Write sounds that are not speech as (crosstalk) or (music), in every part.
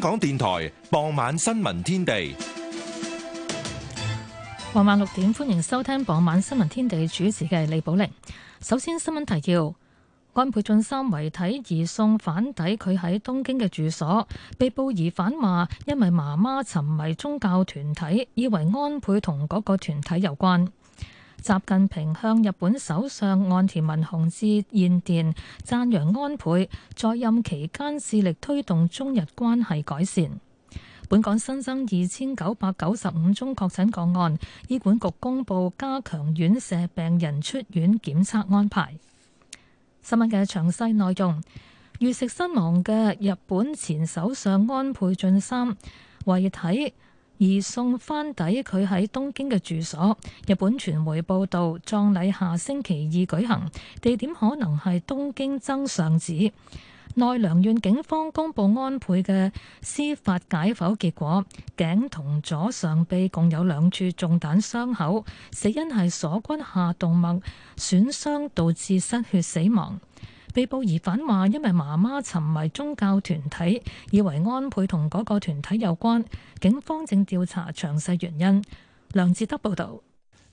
香港電台傍晚新聞天地，傍晚六點歡迎收聽傍晚新聞天地，主持嘅李寶玲。首先新聞提要：安倍晉三遺體移送返抵佢喺東京嘅住所，被捕疑犯話，因為媽媽沉迷宗教團體，以為安倍同嗰個團體有關。習近平向日本首相岸田文雄致唁電，讚揚安倍在任期間致力推動中日關係改善。本港新增二千九百九十五宗確診個案，醫管局公布加強院舍病人出院檢測安排。新聞嘅詳細內容，遇刺身亡嘅日本前首相安倍晉三遺體。而送翻抵佢喺東京嘅住所。日本傳媒報道，葬禮下星期二舉行，地點可能係東京增上寺。奈良縣警方公布安倍嘅司法解剖結果，頸同左上臂共有兩處中彈傷口，死因係鎖骨下動脈損傷導致失血死亡。被捕疑犯話，因為媽媽沉迷宗教團體，以為安倍同嗰個團體有關。警方正調查詳細原因。梁志德報道，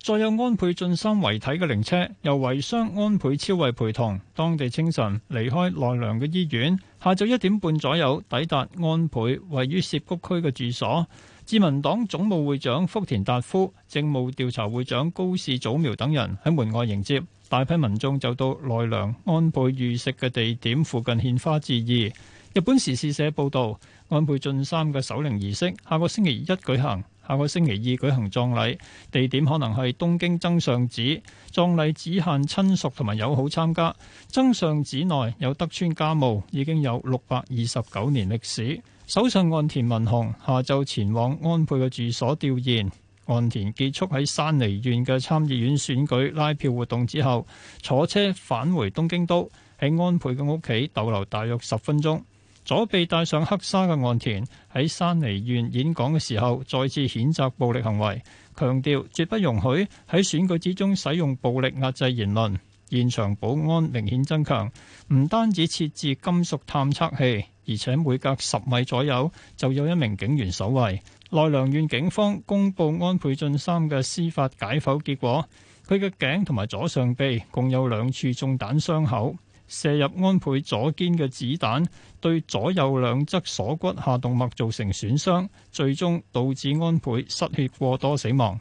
載有安倍晉三遺體嘅靈車，由遺孀安倍昭惠陪同，當地清晨離開奈良嘅醫院，下晝一點半左右抵達安倍位於涉谷區嘅住所。自民黨總務會長福田達夫、政務調查會長高市早苗等人喺門外迎接，大批民眾就到奈良安倍遇刺嘅地點附近獻花致意。日本時事社報道，安倍晉三嘅守靈儀式下個星期一舉行，下個星期二舉行葬禮，地點可能係東京增上寺。葬禮只限親屬同埋友好參加。增上寺內有德川家墓，已經有六百二十九年歷史。首相岸田文雄下晝前往安倍嘅住所吊唁。岸田結束喺山梨縣嘅參議院選舉拉票活動之後，坐車返回東京都，喺安倍嘅屋企逗留大約十分鐘。左臂戴上黑紗嘅岸田喺山梨縣演講嘅時候，再次譴責暴力行為，強調絕不容許喺選舉之中使用暴力壓制言論。現場保安明顯增強，唔單止設置金屬探測器。而且每隔十米左右，就有一名警員守衛。奈良縣警方公布安倍晉三嘅司法解剖結果，佢嘅頸同埋左上臂共有兩處中彈傷口，射入安倍左肩嘅子彈對左右兩側鎖骨下動脈造成損傷，最終導致安倍失血過多死亡。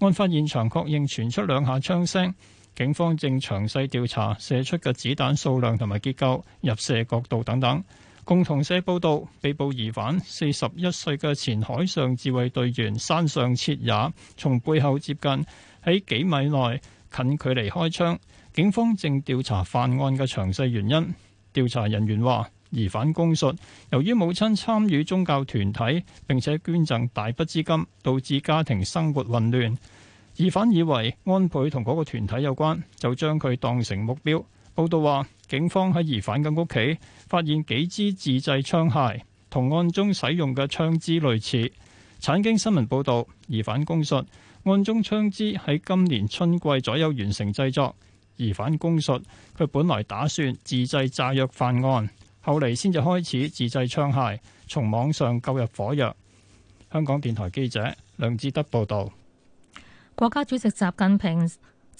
案發現場確認傳出兩下槍聲，警方正詳細調查射出嘅子彈數量同埋結構、入射角度等等。共同社報道，被捕疑犯四十一歲嘅前海上自衛隊員山上徹也，從背後接近，喺幾米內近距離開槍。警方正調查犯案嘅詳細原因。調查人員話，疑犯供述，由於母親參與宗教團體，並且捐贈大筆資金，導致家庭生活混亂。疑犯以為安倍同嗰個團體有關，就將佢當成目標。報道話，警方喺疑犯嘅屋企發現幾支自製槍械，同案中使用嘅槍支類似。產經新聞報道，疑犯供述，案中槍支喺今年春季左右完成製作。疑犯供述，佢本來打算自製炸藥犯案，後嚟先至開始自製槍械，從網上購入火藥。香港電台記者梁志德報道。國家主席習近平，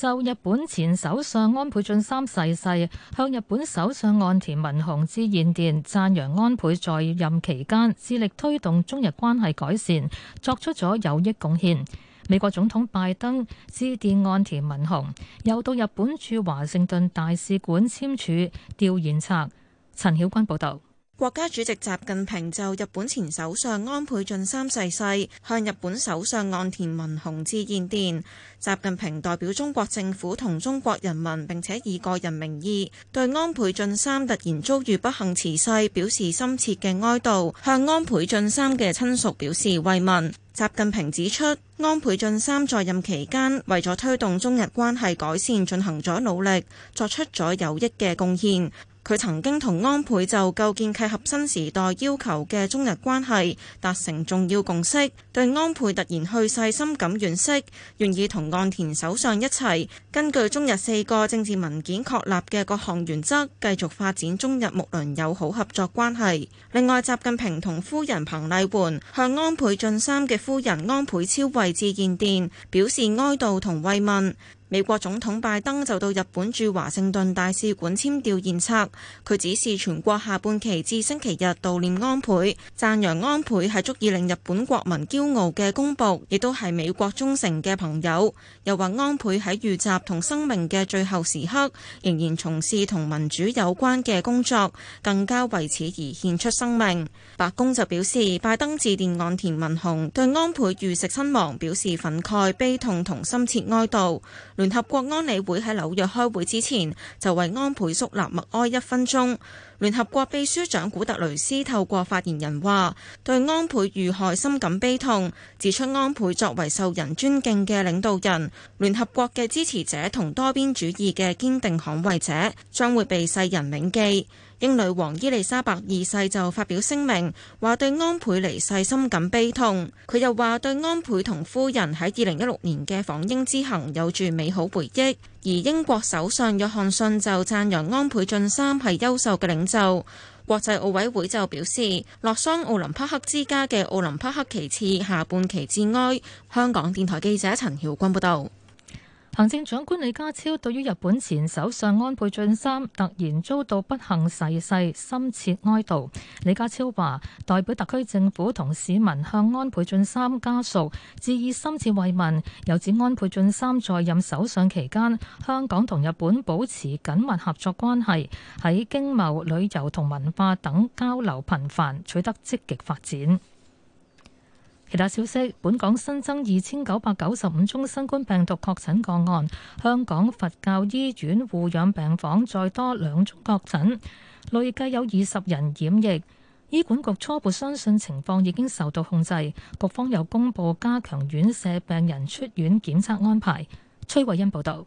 就日本前首相安倍晉三逝世，世，向日本首相岸田文雄致唁電，讚揚安倍在任期間致力推動中日關係改善，作出咗有益貢獻。美國總統拜登致電岸田文雄，又到日本駐華盛頓大使館簽署弔唁冊。陳曉君報道。國家主席習近平就日本前首相安倍晉三逝世，向日本首相岸田文雄致唁電。習近平代表中國政府同中國人民並且以個人名義，對安倍晉三突然遭遇不幸辭世表示深切嘅哀悼，向安倍晉三嘅親屬表示慰問。習近平指出，安倍晉三在任期間，為咗推動中日關係改善，進行咗努力，作出咗有益嘅貢獻。佢曾經同安倍就構建契合新時代要求嘅中日關係達成重要共識，對安倍突然去世深感惋惜，願意同岸田首相一齊根據中日四個政治文件確立嘅各項原則，繼續發展中日睦鄰友好合作關係。另外，習近平同夫人彭麗媛向安倍晉三嘅夫人安倍昭惠致唁電，表示哀悼同慰問。美國總統拜登就到日本駐華盛頓大使館簽弔唁冊。佢指示全國下半旗至星期日悼念安倍，讚揚安倍係足以令日本國民驕傲嘅公僕，亦都係美國忠誠嘅朋友。又話安倍喺遇襲同生命嘅最後時刻，仍然從事同民主有關嘅工作，更加為此而獻出生命。白宮就表示，拜登致電岸田文雄，對安倍遇襲身亡表示憤慨、悲痛同深切哀悼。聯合國安理會喺紐約開會之前，就為安倍肅立默哀一分鐘。聯合國秘書長古特雷斯透過發言人話，對安倍遇害深感悲痛，指出安倍作為受人尊敬嘅領導人、聯合國嘅支持者同多邊主義嘅堅定捍衛者，將會被世人銘記。英女王伊麗莎白二世就發表聲明，話對安倍離世深感悲痛。佢又話對安倍同夫人喺二零一六年嘅訪英之行有住美好回憶，而英國首相約翰遜就讚揚安倍晉三係優秀嘅領袖。國際奧委會就表示，洛桑奧林匹克之家嘅奧林匹克旗幟下半旗致哀。香港電台記者陳曉君報道。行政長官李家超對於日本前首相安倍晉三突然遭到不幸逝世，世，深切哀悼。李家超話，代表特區政府同市民向安倍晉三家屬致以深切慰問，又指安倍晉三在任首相期間，香港同日本保持緊密合作關係，喺經貿、旅遊同文化等交流頻繁，取得積極發展。其他消息，本港新增二千九百九十五宗新冠病毒確診個案，香港佛教醫院護養病房再多兩宗確診，累計有二十人染疫。醫管局初步相信情況已經受到控制，局方又公布加強院舍病人出院檢測安排。崔慧欣報道。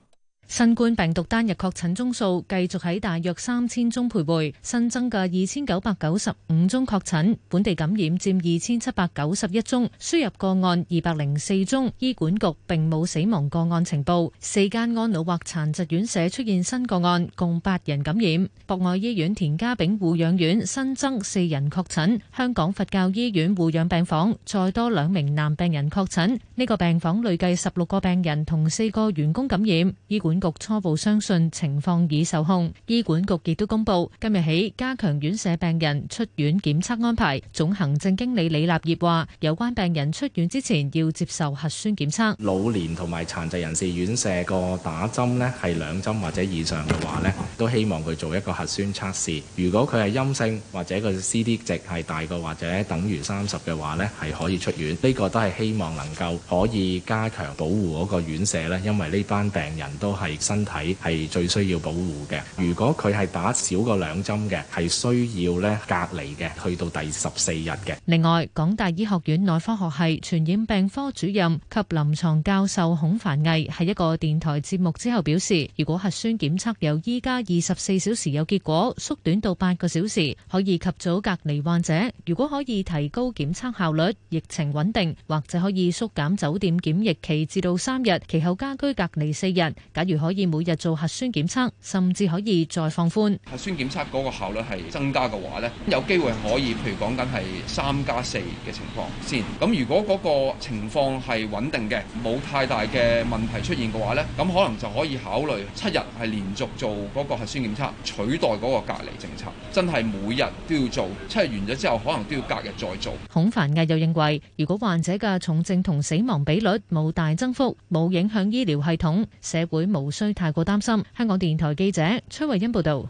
新冠病毒單日確診宗數繼續喺大約三千宗徘徊，新增嘅二千九百九十五宗確診，本地感染佔二千七百九十一宗，輸入個案二百零四宗，醫管局並冇死亡個案情報。四間安老或殘疾院舍出現新個案，共八人感染。博愛醫院田家炳護養院新增四人確診，香港佛教醫院護養病房再多兩名男病人確診，呢個病房累計十六個病人同四個員工感染，醫管。管局初步相信情況已受控。醫管局亦都公布今日起加強院舍病人出院檢測安排。總行政經理李立業話，有關病人出院之前要接受核酸檢測。老年同埋殘疾人士院舍個打針咧，係兩針或者以上嘅話咧，都希望佢做一個核酸測試，如果佢係陰性或者個 C D 值係大過或者等於三十嘅話咧，係可以出院。呢個都係希望能夠可以加強保護嗰個院舍咧，因為呢班病人都係。係身體係最需要保護嘅。如果佢係打少個兩針嘅，係需要咧隔離嘅，去到第十四日嘅。另外，港大醫學院內科學系傳染病科主任及臨床教授孔凡毅喺一個電台節目之後表示，如果核酸檢測由依家二十四小時有結果，縮短到八個小時，可以及早隔離患者。如果可以提高檢測效率，疫情穩定，或者可以縮減酒店檢疫期至到三日，其後家居隔離四日。假如可以每日做核酸檢測，甚至可以再放寬核酸檢測嗰個效率係增加嘅話呢，有機會可以，譬如講緊係三加四嘅情況先。咁如果嗰個情況係穩定嘅，冇太大嘅問題出現嘅話呢，咁可能就可以考慮七日係連續做嗰個核酸檢測，取代嗰個隔離政策。真係每日都要做，七日完咗之後，可能都要隔日再做。孔凡毅又認為，如果患者嘅重症同死亡比率冇大增幅，冇影響醫療系統、社會冇。無需太過擔心。香港電台記者崔慧欣報道。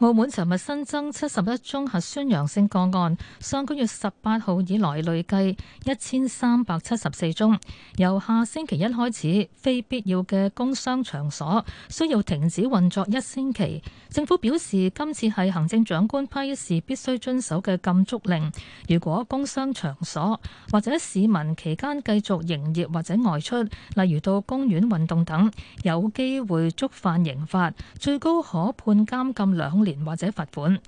澳門尋日新增七十一宗核酸陽性個案，上個月十八號以來累計一千三百七十四宗。由下星期一開始，非必要嘅工商場所需要停止運作一星期。政府表示，今次係行政長官批示必須遵守嘅禁足令。如果工商場所或者市民期間繼續營業或者外出，例如到公園運動等，有機會觸犯刑法，最高可判監禁兩年。或者罰款。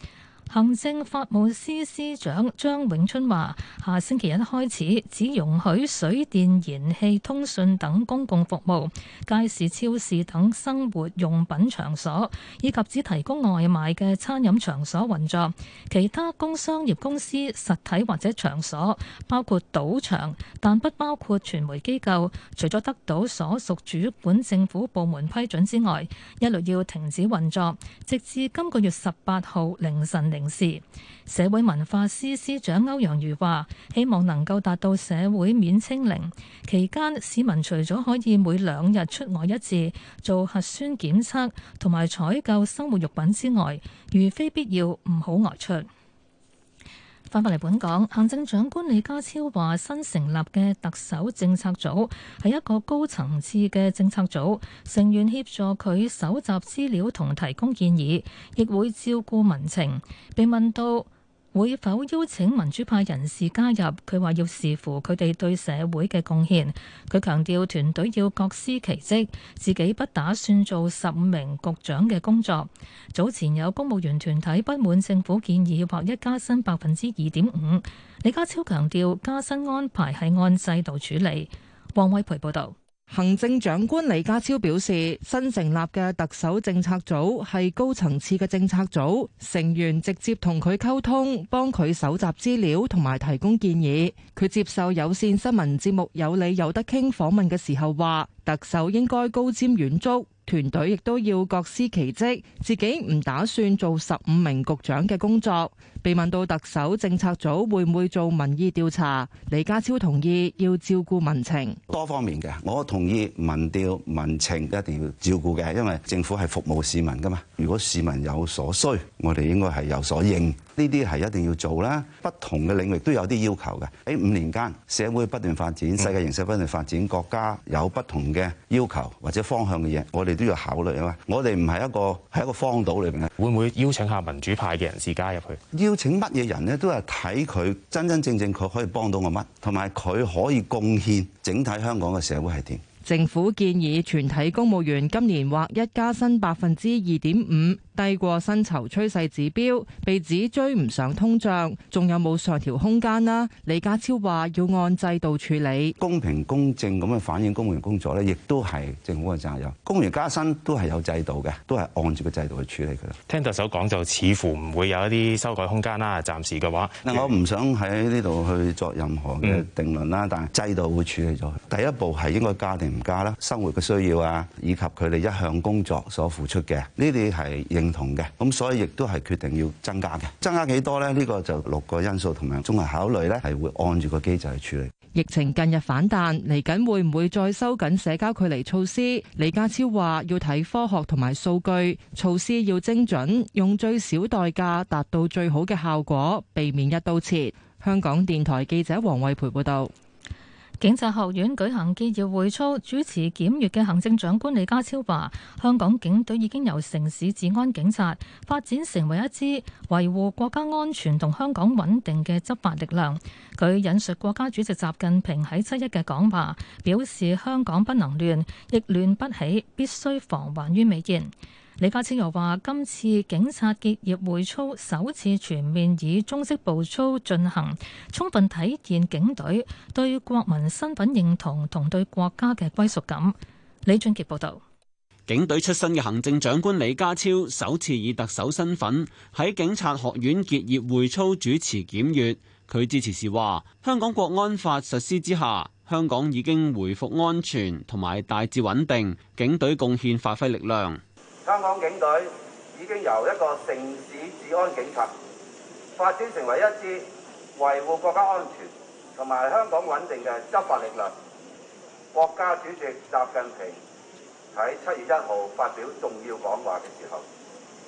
行政法務司司長張永春話：下星期一開始，只容許水電、燃氣、通訊等公共服務、街市、超市等生活用品場所，以及只提供外賣嘅餐飲場所運作。其他工商業公司實體或者場所，包括賭場，但不包括傳媒機構。除咗得到所屬主管政府部門批准之外，一律要停止運作，直至今個月十八號凌晨零。同事，社會文化司司長歐陽瑜話，希望能夠達到社會面清零期間，市民除咗可以每兩日出外一次做核酸檢測同埋採購生活用品之外，如非必要唔好外出。翻返嚟本港，行政長官李家超話，新成立嘅特首政策組係一個高層次嘅政策組，成員協助佢蒐集資料同提供建議，亦會照顧民情。被問到。會否邀請民主派人士加入？佢話要視乎佢哋對社會嘅貢獻。佢強調團隊要各司其職，自己不打算做十五名局長嘅工作。早前有公務員團體不滿政府建議或一加薪百分之二點五，李家超強調加薪安排係按制度處理。王偉培報導。行政長官李家超表示，新成立嘅特首政策組係高層次嘅政策組，成員直接同佢溝通，幫佢搜集資料同埋提供建議。佢接受有線新聞節目《有理有得傾》訪問嘅時候話：特首應該高瞻遠矚，團隊亦都要各司其職。自己唔打算做十五名局長嘅工作。被問到特首政策組會唔會做民意調查，李家超同意要照顧民情，多方面嘅。我同意民調、民情一定要照顧嘅，因為政府係服務市民噶嘛。如果市民有所需，我哋應該係有所應。呢啲係一定要做啦，不同嘅領域都有啲要求嘅。喺五年間，社會不斷發展，世界形勢不斷發展，國家有不同嘅要求或者方向嘅嘢，我哋都要考慮啊嘛。我哋唔係一個喺一個荒島裏邊啊。會唔會邀請下民主派嘅人士加入去？邀請乜嘢人呢？都係睇佢真真正正佢可以幫到我乜，同埋佢可以貢獻整體香港嘅社會係點？政府建議全體公務員今年劃一加薪百分之二點五。低過薪酬趨勢指標，被指追唔上通脹，仲有冇上調空間啦，李家超話要按制度處理，公平公正咁樣反映公務員工作咧，亦都係政府嘅責任。公務員加薪都係有制度嘅，都係按住個制度去處理嘅。聽特首講就似乎唔會有一啲修改空間啦。暫時嘅話，我唔想喺呢度去作任何嘅定論啦。嗯、但係制度會處理咗，第一步係應該加定唔加啦。生活嘅需要啊，以及佢哋一向工作所付出嘅，呢啲係認同嘅咁，所以亦都係決定要增加嘅，增加幾多呢？呢個就六個因素同埋綜合考慮，呢係會按住個機制去處理。疫情近日反彈，嚟緊會唔會再收緊社交距離措施？李家超話要睇科學同埋數據，措施要精準，用最少代價達到最好嘅效果，避免一刀切。香港電台記者黃惠培報道。警察學院舉行結業會操，主持檢閱嘅行政長官李家超話：香港警隊已經由城市治安警察發展成為一支維護國家安全同香港穩定嘅執法力量。佢引述國家主席習近平喺七一嘅講話，表示香港不能亂，亦亂不起，必須防患於未然。李家超又話，今次警察結業會操首次全面以中式步操進行，充分體現警隊對國民身份認同同對國家嘅歸屬感。李俊杰報道，警隊出身嘅行政長官李家超首次以特首身份喺警察學院結業會操主持檢閱，佢致辭時話，香港國安法實施之下，香港已經回復安全同埋大致穩定，警隊貢獻發揮力量。香港警隊已經由一個城市治安警察發展成為一支維護國家安全同埋香港穩定嘅執法力量。國家主席習近平喺七月一號發表重要講話嘅時候，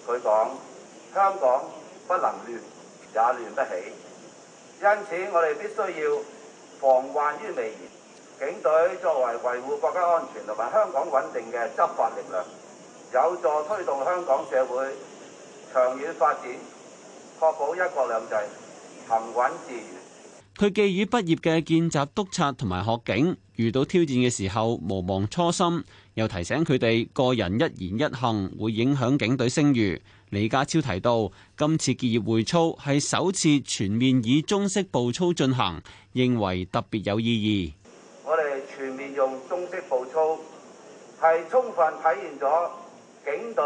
佢講：「香港不能亂，也亂不起。因此，我哋必須要防患於未然。」警隊作為維護國家安全同埋香港穩定嘅執法力量。有助推動香港社會長遠發展，確保一國兩制行穩致遠。佢寄語畢業嘅見習督察同埋學警，遇到挑戰嘅時候，無忘初心，又提醒佢哋個人一言一行會影響警隊聲譽。李家超提到，今次結業會操係首次全面以中式步操進行，認為特別有意義。我哋全面用中式步操，係充分體現咗。警隊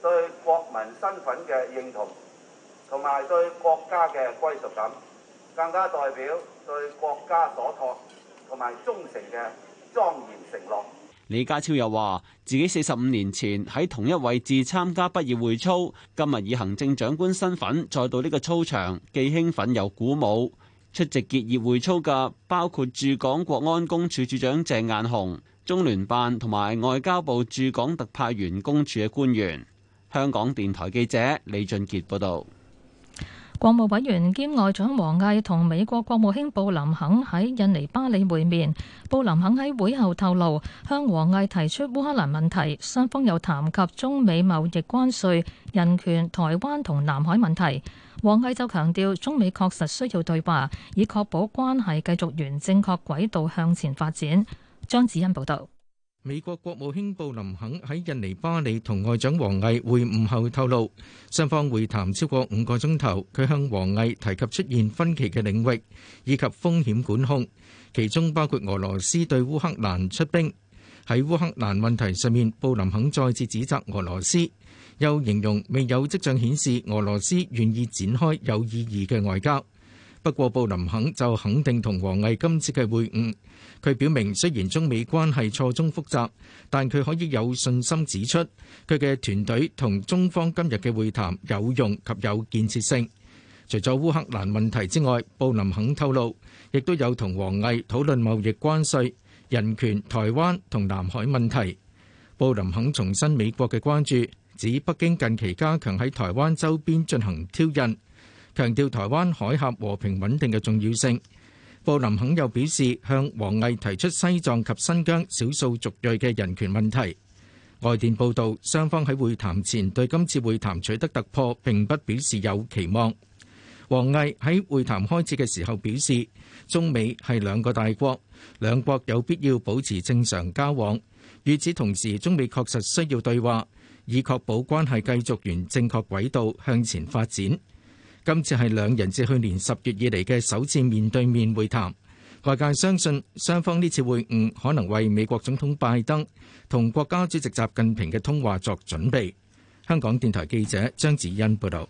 對國民身份嘅認同，同埋對國家嘅歸屬感，更加代表對國家所託同埋忠誠嘅莊嚴承諾。李家超又話：自己四十五年前喺同一位置參加畢業會操，今日以行政長官身份再到呢個操場，既興奮又鼓舞。出席結業會操嘅包括駐港國安公署署長鄭雁雄。中聯辦同埋外交部駐港特派員公署嘅官員。香港電台記者李俊杰報道。國務委員兼外長王毅同美國國務卿布林肯喺印尼巴里會面，布林肯喺會後透露，向王毅提出烏克蘭問題，雙方又談及中美貿易關稅、人權、台灣同南海問題。王毅就強調，中美確實需要對話，以確保關係繼續沿正確軌道向前發展。張子欣報道，美國國務卿布林肯喺印尼巴厘同外長王毅會晤後透露，雙方會談超過五個鐘頭。佢向王毅提及出現分歧嘅領域以及風險管控，其中包括俄羅斯對烏克蘭出兵。喺烏克蘭問題上面，布林肯再次指責俄羅斯，又形容未有跡象顯示俄羅斯願意展開有意義嘅外交。不過，布林肯就肯定同王毅今次嘅會晤。佢表明，雖然中美關係錯綜複雜，但佢可以有信心指出，佢嘅團隊同中方今日嘅會談有用及有建設性。除咗烏克蘭問題之外，布林肯透露，亦都有同王毅討論貿易關稅、人權、台灣同南海問題。布林肯重申美國嘅關注，指北京近期加強喺台灣周邊進行挑釁。強調台灣海峽和平穩定嘅重要性。布林肯又表示向王毅提出西藏及新疆少數族裔嘅人權問題。外電報導，雙方喺會談前對今次會談取得突破並不表示有期望。王毅喺會談開始嘅時候表示，中美係兩個大國，兩國有必要保持正常交往。與此同時，中美確實需要對話，以確保關係繼續沿正確軌道向前發展。今次係兩人自去年十月以嚟嘅首次面對面會談，外界相信雙方呢次會晤可能為美國總統拜登同國家主席習近平嘅通話作準備。香港電台記者張子欣報導。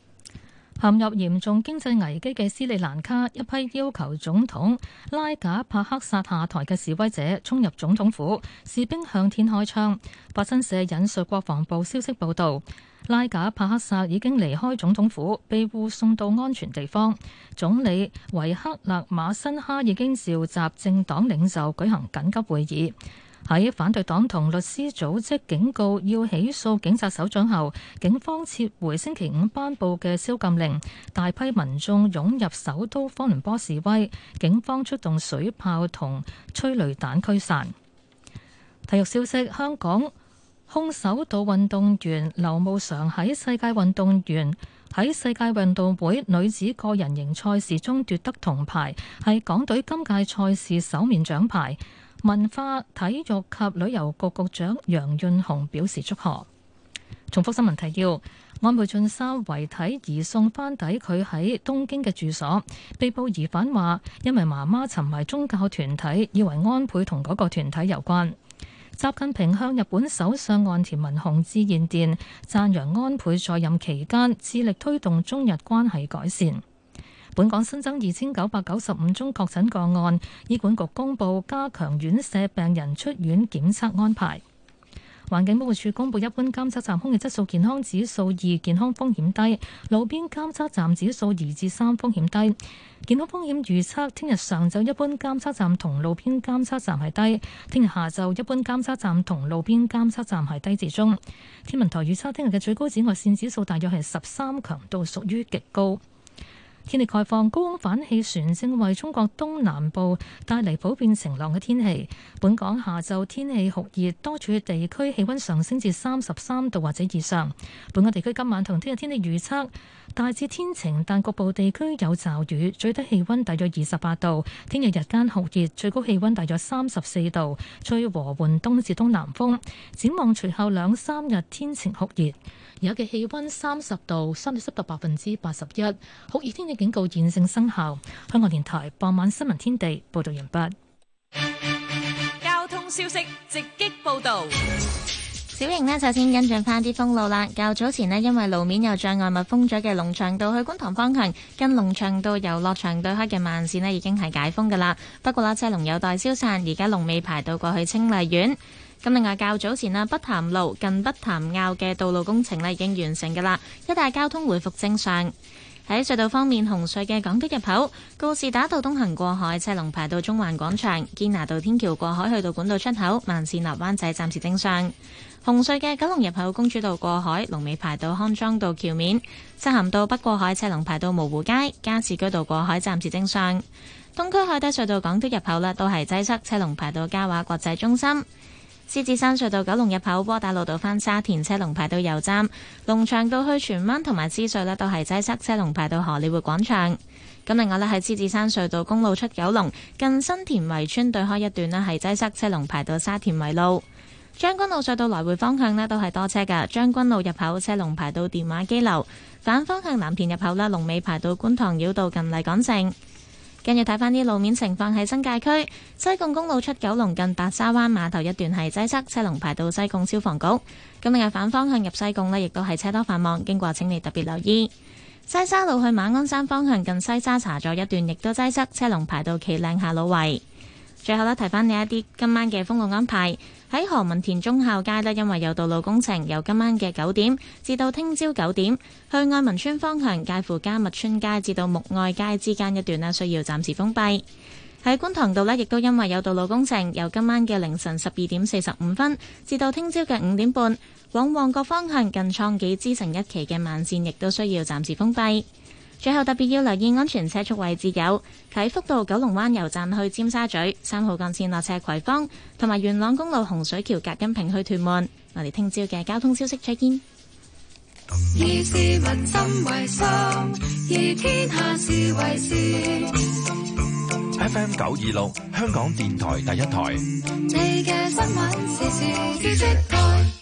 陷入嚴重經濟危機嘅斯里蘭卡，一批要求總統拉賈帕克薩下台嘅示威者衝入總統府，士兵向天開槍。法新社引述國防部消息報導。拉賈帕克薩已經離開總統府，被護送到安全地方。總理維克勒馬辛哈已經召集政黨領袖舉行緊急會議。喺反對黨同律師組織警告要起訴警察首長後，警方撤回星期五頒布嘅宵禁令。大批民眾湧入首都科倫坡示威，警方出動水炮同催淚彈驅散。體育消息，香港。空手道運動員劉慕常喺世界運動員喺世界運動會女子個人型賽事中奪得銅牌，係港隊今屆賽事首面獎牌。文化體育及旅遊局局長楊潤雄表示祝賀。重複新聞提要：安倍晉三遺體移送翻抵佢喺東京嘅住所。被捕疑犯話，因為媽媽沉迷宗教團體，以為安倍同嗰個團體有關。習近平向日本首相岸田文雄致唁電，讚揚安倍在任期間致力推動中日關係改善。本港新增二千九百九十五宗確診個案，醫管局公佈加強院舍病人出院檢測安排。環境保護署公布一般監測站空氣質素健康指數二，健康風險低；路邊監測站指數二至三，風險低。健康風險預測：聽日上晝一般監測站同路邊監測站係低；聽日下晝一般監測站同路邊監測站係低至中。天文台預測，聽日嘅最高紫外線指數大約係十三，強度屬於極高。天氣概況，高空反氣旋正為中國東南部帶嚟普遍晴朗嘅天氣。本港下晝天氣酷熱，多處地區氣温上升至三十三度或者以上。本港地區今晚同聽日天氣預測大致天晴，但局部地區有驟雨，最低氣温大約二十八度。聽日日間酷熱，最高氣温大約三十四度，吹和緩東至東南風。展望隨後兩三日天晴酷熱。而家嘅氣温三十度，相對濕度百分之八十一，酷熱天氣警告現正生效。香港電台傍晚新聞天地報道完畢。交通消息直擊報道。小瑩，呢，首先跟進翻啲封路啦。較早前呢，因為路面有障礙物封咗嘅龍翔道去觀塘方向，跟龍翔道遊樂場對開嘅慢綫呢已經係解封噶啦。不過啦，車龍有待消散，而家龍尾排到過去清麗苑。咁另外，較早前啦，北潭路近北潭坳嘅道路工程呢已經完成噶啦，一帶交通回復正常。喺隧道方面，紅隧嘅港島入口告士打道東行過海，車龍排到中環廣場；堅拿道天橋過海去到管道出口，萬線立灣仔暫時正常。紅隧嘅九龍入口公主道過海，龍尾排到康莊道橋面；漆咸道北過海，車龍排到蕪湖街；加士居道過海暫時正常。東區海底隧道港島入口啦，都係擠塞，車龍排到嘉華國際中心。獅子山隧道九龍入口窩打路道返沙田，車龍排到油站，龍翔道去荃灣同埋獅隧咧都係擠塞，車龍排到荷里活廣場。另外咧喺獅子山隧道公路出九龍，近新田圍村對開一段咧係擠塞，車龍排到沙田圍路。將軍澳隧道來回方向咧都係多車噶，將軍澳入口車龍排到電話機樓，反方向藍田入口咧龍尾排到觀塘繞道近麗港城。跟住睇翻啲路面情況，喺新界區西貢公路出九龍近白沙灣碼頭一段係擠塞，車龍排到西貢消防局。今日反方向入西貢呢亦都係車多繁忙，經過請你特別留意。西沙路去馬鞍山方向近西沙查咗一段，亦都擠塞，車龍排到企嶺下老圍。最後呢，提翻你一啲今晚嘅風浪安排。喺何文田忠孝街呢，因為有道路工程，由今晚嘅九點至到聽朝九點，去愛民村方向介乎迦密村街至到牧愛街之間一段咧，需要暫時封閉。喺觀塘道呢，亦都因為有道路工程，由今晚嘅凌晨十二點四十五分至到聽朝嘅五點半，往旺角方向近創紀之城一期嘅慢線亦都需要暫時封閉。最後特別要留意安全車速位置，有啟福道九龍灣油站去尖沙咀、三號幹線落斜葵芳、同埋元朗公路洪水橋隔音屏去屯門。我哋聽朝嘅交通消息出現。以市民心為心。以天下事為事。F M 九二六香港電台第一台。 (music)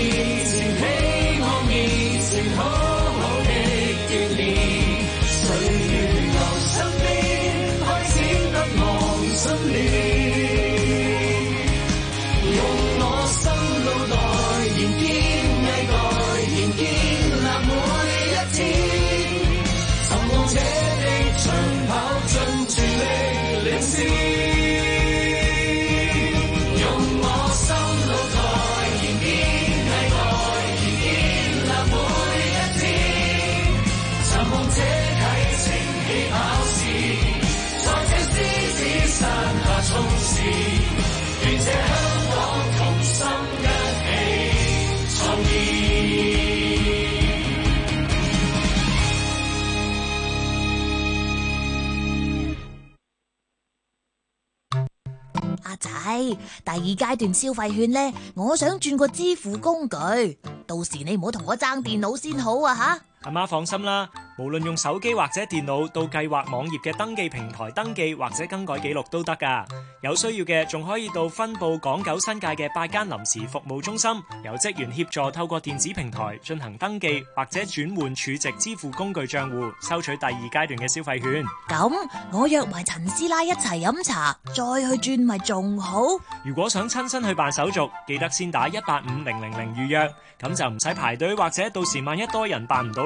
第二階段消費券呢，我想轉個支付工具，到時你唔好同我爭電腦先好啊吓！阿媽放心啦，無論用手機或者電腦到計劃網頁嘅登記平台登記或者更改記錄都得㗎。有需要嘅仲可以到分佈港九新界嘅八間臨時服務中心，由職員協助透過電子平台進行登記或者轉換儲值支付工具賬戶，收取第二階段嘅消費券。咁我約埋陳師奶一齊飲茶，再去轉咪仲好？如果想親身去辦手續，記得先打一八五零零零預約，咁就唔使排隊或者到時萬一多人辦唔到。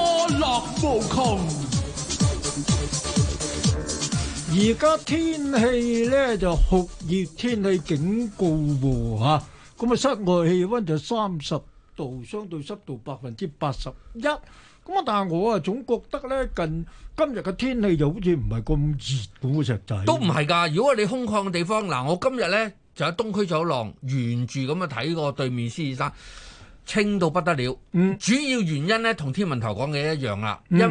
歡樂無窮，而家天氣咧，就酷熱天氣警告喎吓，咁啊室外氣溫就三十度，相對濕度百分之八十一，咁啊但係我啊總覺得咧，近今日嘅天氣就好似唔係咁熱咁啊，石仔都唔係噶。如果你空曠嘅地方嗱，我今日咧，就喺東區走廊沿住咁樣睇過對面獅子山。清到不得了，嗯、主要原因呢同天文台講嘅一樣啦。嗯